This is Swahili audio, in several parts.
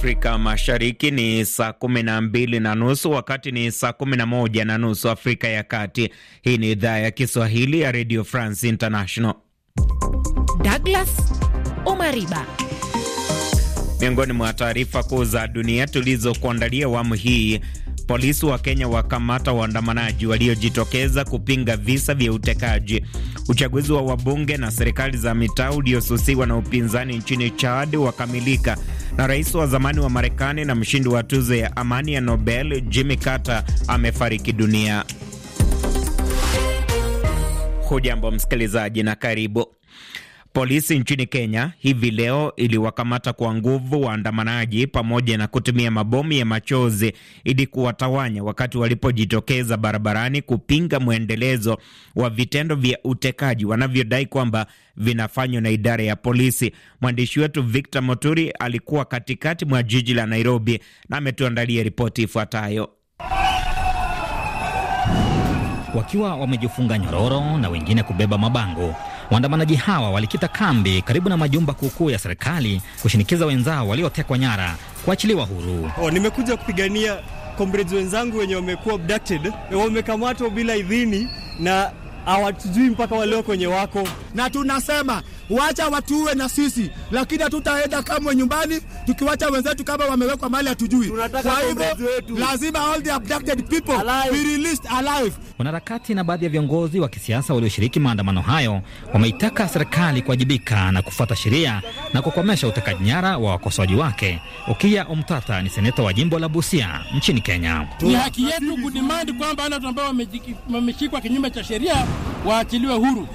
Afrika Mashariki ni saa kumi na mbili na nusu wakati ni saa kumi na moja na nusu Afrika ya Kati. Hii ni idhaa ya Kiswahili ya Radio France International. Douglas Omariba, miongoni mwa taarifa kuu za dunia tulizokuandalia awamu hii Polisi wa Kenya wakamata waandamanaji waliojitokeza kupinga visa vya utekaji. Uchaguzi wa wabunge na serikali za mitaa uliosusiwa na upinzani nchini Chad wakamilika, na rais wa zamani wa Marekani na mshindi wa tuzo ya amani ya Nobel Jimmy Carter amefariki dunia. Hujambo msikilizaji na karibu. Polisi nchini Kenya hivi leo iliwakamata kwa nguvu waandamanaji pamoja na kutumia mabomu ya machozi ili kuwatawanya wakati walipojitokeza barabarani kupinga mwendelezo wa vitendo vya utekaji wanavyodai kwamba vinafanywa na idara ya polisi. Mwandishi wetu Victor Moturi alikuwa katikati mwa jiji la Nairobi na ametuandalia ripoti ifuatayo wakiwa wamejifunga nyororo na wengine kubeba mabango. Waandamanaji hawa walikita kambi karibu na majumba kuukuu ya serikali kushinikiza wenzao waliotekwa nyara kuachiliwa huru. Oh, nimekuja kupigania comrades wenzangu wenye wamekuwa abducted, wamekamatwa bila idhini na hawatujui mpaka walio kwenye wako, na tunasema wacha watuwe na sisi, lakini hatutaenda kamwe nyumbani tukiwacha wenzetu kama wamewekwa mali hatujui. Kwa hivyo lazima all the abducted people be released alive. Wanaharakati na baadhi ya viongozi wa kisiasa walioshiriki maandamano hayo wameitaka serikali kuwajibika na kufuata sheria na kukomesha utekaji nyara wa wakosoaji wake. ukia Omtata ni seneta wa jimbo la Busia nchini Kenya. Ni haki yetu kudimandi kwamba watu ambao wameshikwa kinyume cha sheria waachiliwe huru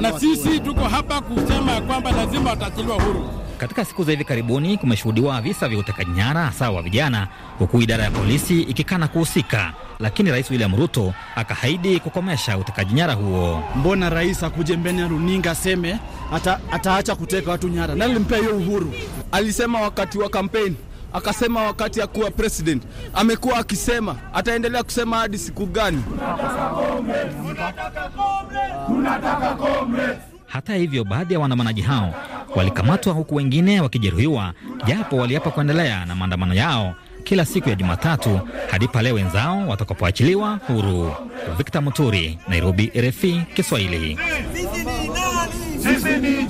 na sisi tuko hapa kusema ya kwamba lazima watatiliwa huru. Katika siku za hivi karibuni kumeshuhudiwa visa vya utekaji nyara hasa wa vijana, huku idara ya polisi ikikana kuhusika, lakini Rais William Ruto akahaidi kukomesha utekaji nyara huo. Mbona rais akuje mbele ya runinga aseme ataacha ata kuteka watu nyara? Nani alimpea hiyo uhuru? Alisema wakati wa kampeni, akasema wakati kuwa president, amekuwa akisema, ataendelea kusema hadi siku gani? tunataka Comrades. Hata hivyo, baadhi ya waandamanaji hao walikamatwa huku wengine wakijeruhiwa, japo waliapa kuendelea na maandamano yao kila siku ya Jumatatu hadi pale wenzao watakapoachiliwa huru. Victor Muturi, Nairobi, RFI Kiswahili. Sisi ni nani? Sisi ni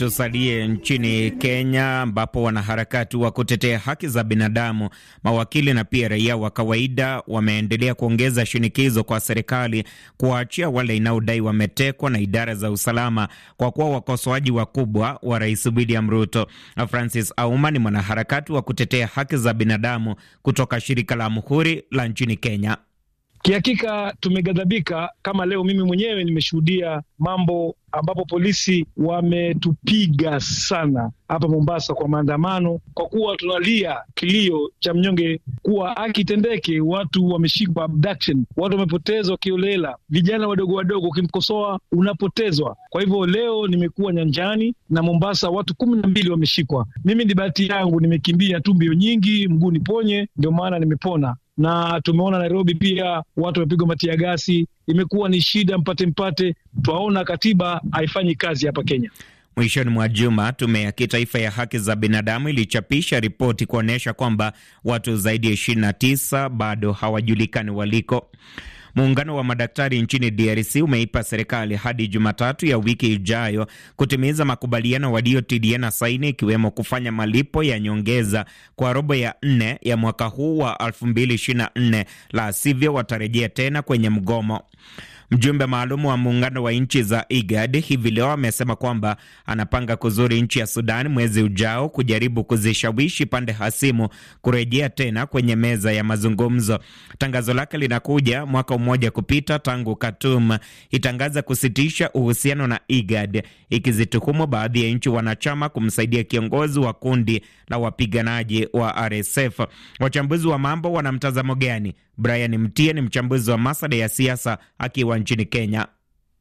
Tusalie nchini Kenya ambapo wanaharakati wa kutetea haki za binadamu, mawakili na pia raia wa kawaida wameendelea kuongeza shinikizo kwa serikali kuwaachia wale inaodai wametekwa na idara za usalama kwa kuwa wakosoaji wakubwa wa Rais William Ruto. Francis Auma ni mwanaharakati wa kutetea haki za binadamu kutoka shirika la Muhuri la nchini Kenya. Kihakika tumeghadhabika, kama leo mimi mwenyewe nimeshuhudia mambo ambapo polisi wametupiga sana hapa Mombasa kwa maandamano, kwa kuwa tunalia kilio cha mnyonge kuwa akitendeke. Watu wameshikwa abduction, watu wamepotezwa kiolela, vijana wadogo wadogo, ukimkosoa unapotezwa. Kwa hivyo leo nimekuwa nyanjani na Mombasa, watu kumi na mbili wameshikwa. Mimi ni bahati yangu, nimekimbia tu mbio nyingi, mguu niponye, ndio maana nimepona na tumeona Nairobi pia watu wamepigwa matia gasi. Imekuwa ni shida mpate mpate, twaona katiba haifanyi kazi hapa Kenya. Mwishoni mwa juma tume ya kitaifa ya haki za binadamu ilichapisha ripoti kuonyesha kwamba watu zaidi ya ishirini na tisa bado hawajulikani waliko. Muungano wa madaktari nchini DRC umeipa serikali hadi Jumatatu ya wiki ijayo kutimiza makubaliano waliotidiana saini, ikiwemo kufanya malipo ya nyongeza kwa robo ya nne ya mwaka huu wa 2024, la sivyo watarejea tena kwenye mgomo. Mjumbe maalum wa muungano wa nchi za IGAD hivi leo amesema kwamba anapanga kuzuri nchi ya Sudan mwezi ujao kujaribu kuzishawishi pande hasimu kurejea tena kwenye meza ya mazungumzo. Tangazo lake linakuja mwaka mmoja kupita tangu Khartoum itangaza kusitisha uhusiano na IGAD, ikizituhumu baadhi ya nchi wanachama kumsaidia kiongozi wa kundi la wapiganaji wa RSF. Wachambuzi wa mambo wana mtazamo gani? Brian Mtie ni mchambuzi wa masada ya siasa akiwa nchini Kenya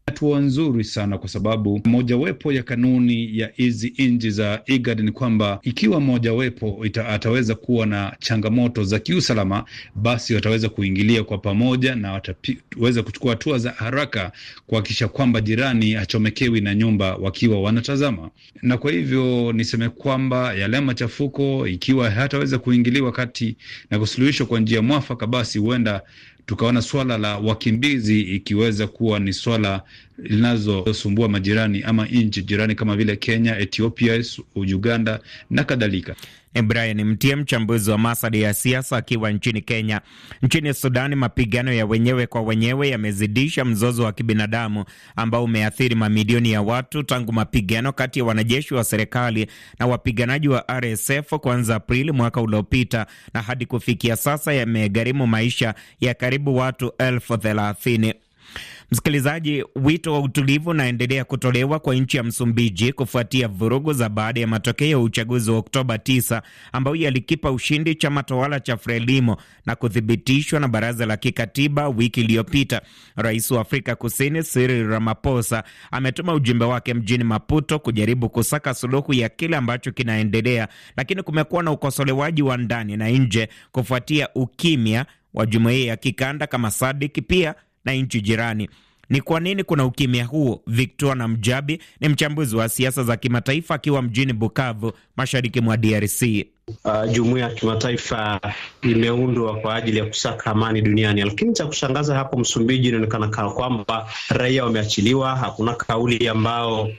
hatua nzuri sana, kwa sababu mojawapo ya kanuni ya hizi nchi za IGAD ni kwamba ikiwa mojawapo ataweza kuwa na changamoto za kiusalama, basi wataweza kuingilia kwa pamoja na wataweza kuchukua hatua za haraka kuhakikisha kwamba jirani hachomekewi na nyumba wakiwa wanatazama. Na kwa hivyo niseme kwamba yale machafuko, ikiwa hataweza kuingiliwa kati na kusuluhishwa kwa njia mwafaka, basi huenda tukaona swala la wakimbizi ikiweza kuwa ni swala linazosumbua majirani ama nchi jirani kama vile Kenya, Ethiopia, Uganda na kadhalika. Eh, Brian Mtie, mchambuzi wa masada ya siasa akiwa nchini Kenya. Nchini Sudani, mapigano ya wenyewe kwa wenyewe yamezidisha mzozo wa kibinadamu ambao umeathiri mamilioni ya watu tangu mapigano kati ya wanajeshi wa serikali na wapiganaji wa RSF kuanza Aprili mwaka uliopita, na hadi kufikia sasa yamegharimu maisha ya karibu watu elfu thelathini. Msikilizaji, wito wa utulivu unaendelea kutolewa kwa nchi ya Msumbiji kufuatia vurugu za baada ya matokeo ya uchaguzi wa Oktoba 9 ambayo yalikipa ushindi chama tawala cha Frelimo na kuthibitishwa na baraza la kikatiba wiki iliyopita. Rais wa Afrika Kusini Cyril Ramaphosa ametuma ujumbe wake mjini Maputo kujaribu kusaka suluhu ya kile ambacho kinaendelea, lakini kumekuwa na ukosolewaji wa ndani na nje kufuatia ukimya wa jumuiya ya kikanda kama SADC pia na nchi jirani. Ni kwa nini kuna ukimya huo? Victor na Mjabi ni mchambuzi wa siasa za kimataifa akiwa mjini Bukavu, mashariki mwa DRC. Uh, ah, jumuiya ya kimataifa imeundwa kwa ajili ya kusaka amani duniani, lakini cha kushangaza hapo Msumbiji inaonekana kana kwamba raia wameachiliwa, hakuna kauli ambao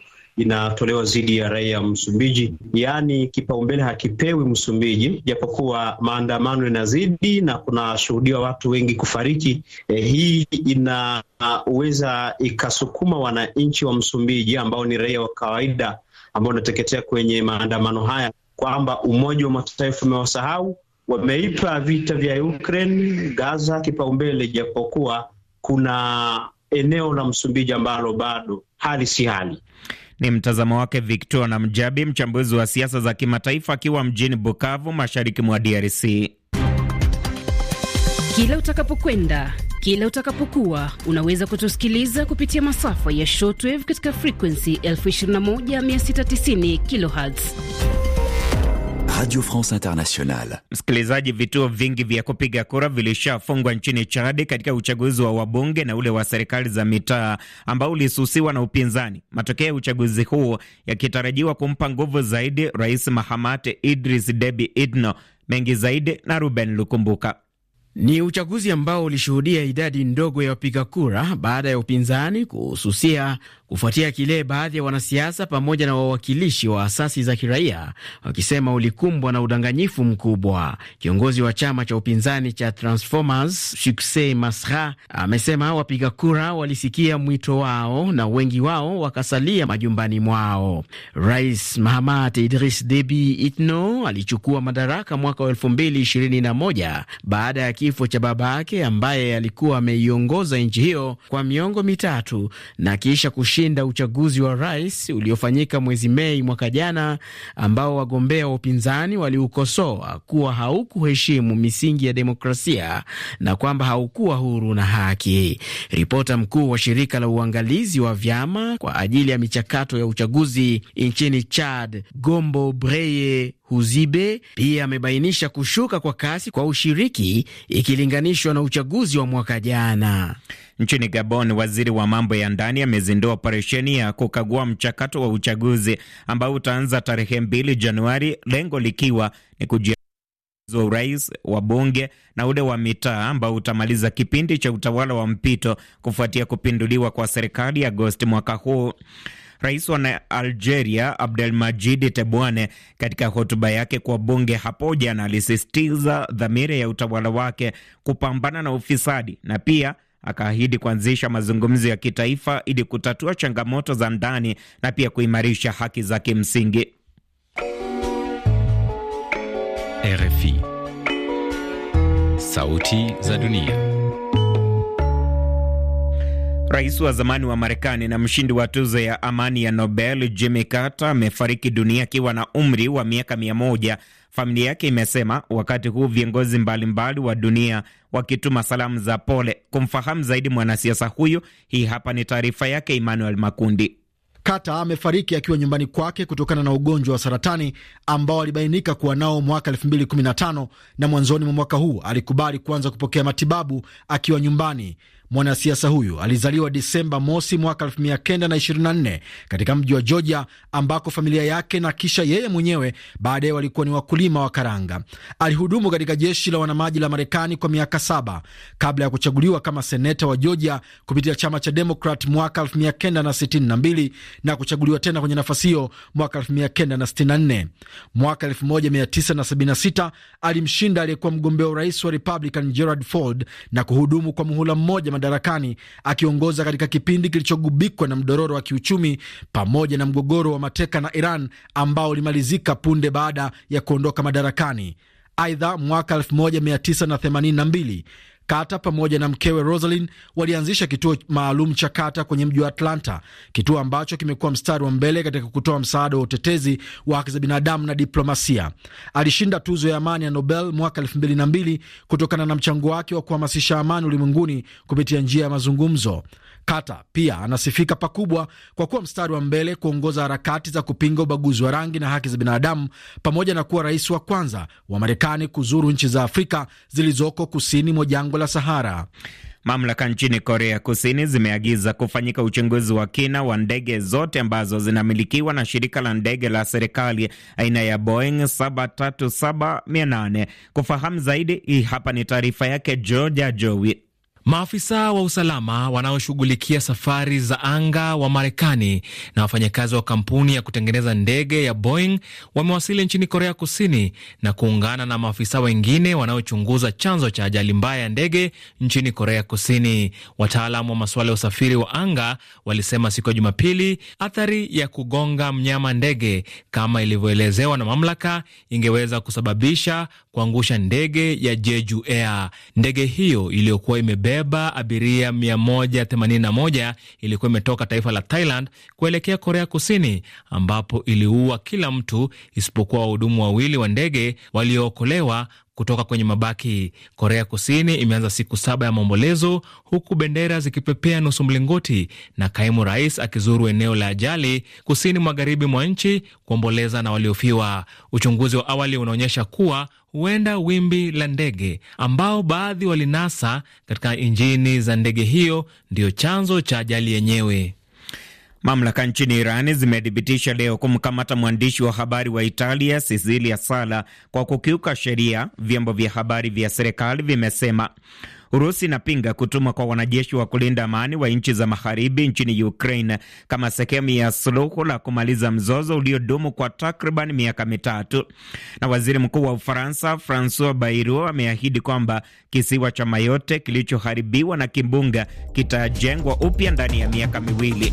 inatolewa dhidi ya raia Msumbiji, yaani kipaumbele hakipewi Msumbiji, japokuwa maandamano yanazidi na kunashuhudiwa watu wengi kufariki. Eh, hii inaweza ikasukuma wananchi wa Msumbiji ambao ni raia wa kawaida ambao wanateketea kwenye maandamano haya kwamba Umoja wa Mataifa umewasahau, wameipa vita vya Ukraine, Gaza kipaumbele, japokuwa kuna eneo la Msumbiji ambalo bado hali si hali. Ni mtazamo wake Victor na Mjabi, mchambuzi wa siasa za kimataifa akiwa mjini Bukavu, mashariki mwa DRC. Kila utakapokwenda kila utakapokuwa unaweza kutusikiliza kupitia masafa ya shortwave katika frequency 21690 kilohertz Radio France Internationale. Msikilizaji, vituo vingi vya kupiga kura vilishafungwa nchini Chad katika uchaguzi wa wabunge na ule wa serikali za mitaa ambao ulisusiwa na upinzani, matokeo ya uchaguzi huo yakitarajiwa kumpa nguvu zaidi Rais Mahamat Idris Debi Itno. Mengi zaidi na Ruben Lukumbuka. Ni uchaguzi ambao ulishuhudia idadi ndogo ya wapiga kura baada ya upinzani kuhususia kufuatia kile baadhi ya wanasiasa pamoja na wawakilishi wa asasi za kiraia wakisema ulikumbwa na udanganyifu mkubwa. Kiongozi wa chama cha upinzani cha Transformers Succes Masra amesema wapiga kura walisikia mwito wao na wengi wao wakasalia majumbani mwao. Rais Mahamat Idris Debi Itno alichukua madaraka mwaka wa 2021 baada ya kifo cha baba yake ambaye alikuwa ameiongoza nchi hiyo kwa miongo mitatu na kisha kushi kushinda uchaguzi wa rais uliofanyika mwezi Mei mwaka jana, ambao wagombea wa upinzani waliukosoa kuwa haukuheshimu misingi ya demokrasia na kwamba haukuwa huru na haki. Ripota mkuu wa shirika la uangalizi wa vyama kwa ajili ya michakato ya uchaguzi nchini Chad, Gombo Breye Huzibe pia amebainisha kushuka kwa kasi kwa ushiriki ikilinganishwa na uchaguzi wa mwaka jana. Nchini Gabon, waziri wa mambo ya ndani amezindua operesheni ya kukagua mchakato wa uchaguzi ambao utaanza tarehe mbili Januari, lengo likiwa ni kujia wa urais wa bunge na ule wa mitaa ambao utamaliza kipindi cha utawala wa mpito kufuatia kupinduliwa kwa serikali Agosti mwaka huu. Rais wa Algeria majidi Tebboune katika hotuba yake kwa bunge hapo jana alisisitiza dhamira ya utawala wake kupambana na ufisadi na pia akaahidi kuanzisha mazungumzo ya kitaifa ili kutatua changamoto za ndani na pia kuimarisha haki za kimsingi. RFI, Sauti za Dunia. Rais wa zamani wa Marekani na mshindi wa tuzo ya amani ya Nobel Jimmy Carter amefariki dunia akiwa na umri wa miaka mia moja, familia yake imesema, wakati huu viongozi mbalimbali wa dunia wakituma salamu za pole. Kumfahamu zaidi mwanasiasa huyu, hii hapa ni taarifa yake. Emmanuel Makundi. Kata amefariki akiwa nyumbani kwake kutokana na ugonjwa wa saratani ambao alibainika kuwa nao mwaka 2015 na mwanzoni mwa mwaka huu alikubali kuanza kupokea matibabu akiwa nyumbani. Mwanasiasa huyu alizaliwa Disemba mosi mwaka 1924 katika mji wa Georgia, ambako familia yake na kisha yeye mwenyewe baadaye walikuwa ni wakulima wa karanga. Alihudumu katika jeshi la wanamaji la Marekani kwa miaka saba kabla ya kuchaguliwa kama seneta wa Georgia kupitia chama cha Demokrat mwaka 1962 na kuchaguliwa tena kwenye nafasi hiyo mwaka 1964. Mwaka 1976 alimshinda aliyekuwa mgombea urais wa Republican Gerald Ford na kuhudumu kwa muhula mmoja madarakani akiongoza katika kipindi kilichogubikwa na mdororo wa kiuchumi pamoja na mgogoro wa mateka na Iran ambao ulimalizika punde baada ya kuondoka madarakani. Aidha, mwaka 1982 kata pamoja na mkewe rosalin walianzisha kituo maalum cha kata kwenye mji wa Atlanta, kituo ambacho kimekuwa mstari wa mbele katika kutoa msaada wa utetezi wa haki za binadamu na diplomasia. Alishinda tuzo ya amani ya Nobel mwaka mbili kutokana na mchango wake wa kuhamasisha amani ulimwenguni kupitia njia ya mazungumzo. Kata pia anasifika pakubwa kwa kuwa mstari wa mbele kuongoza harakati za kupinga ubaguzi wa rangi na haki za binadamu, pamoja na kuwa rais wa kwanza wa Marekani kuzuru nchi za Afrika zilizoko kusini mwa jangwa la Sahara. Mamlaka nchini Korea Kusini zimeagiza kufanyika uchunguzi wa kina wa ndege zote ambazo zinamilikiwa na shirika la ndege la serikali aina ya Boeing 737-800. Kufahamu zaidi, hii hapa ni taarifa yake Georgia Jowi. Maafisa wa usalama wanaoshughulikia safari za anga wa Marekani na wafanyakazi wa kampuni ya kutengeneza ndege ya Boeing wamewasili nchini Korea Kusini na kuungana na maafisa wengine wanaochunguza chanzo cha ajali mbaya ya ndege nchini Korea Kusini. Wataalamu wa masuala ya usafiri wa anga walisema siku ya Jumapili athari ya kugonga mnyama ndege kama ilivyoelezewa na mamlaka ingeweza kusababisha kuangusha ndege ya Jeju Air. Ndege hiyo iliyokuwa imebeba iliyobeba abiria 181 ilikuwa imetoka taifa la Thailand kuelekea Korea Kusini, ambapo iliua kila mtu isipokuwa wahudumu wawili wa ndege waliookolewa kutoka kwenye mabaki. Korea Kusini imeanza siku saba ya maombolezo huku bendera zikipepea nusu mlingoti na kaimu rais akizuru eneo la ajali kusini magharibi mwa nchi kuomboleza na waliofiwa. Uchunguzi wa awali unaonyesha kuwa huenda wimbi la ndege ambao baadhi walinasa katika injini za ndege hiyo ndiyo chanzo cha ajali yenyewe. Mamlaka nchini Iran zimethibitisha leo kumkamata mwandishi wa habari wa Italia Sisilia Sala kwa kukiuka sheria, vyombo vya habari vya serikali vimesema. Urusi inapinga kutumwa kwa wanajeshi wa kulinda amani wa nchi za magharibi nchini Ukraine kama sehemu ya suluhu la kumaliza mzozo uliodumu kwa takriban miaka mitatu. Na waziri mkuu wa Ufaransa Francois Bayrou ameahidi kwamba kisiwa cha Mayotte kilichoharibiwa na kimbunga kitajengwa upya ndani ya miaka miwili.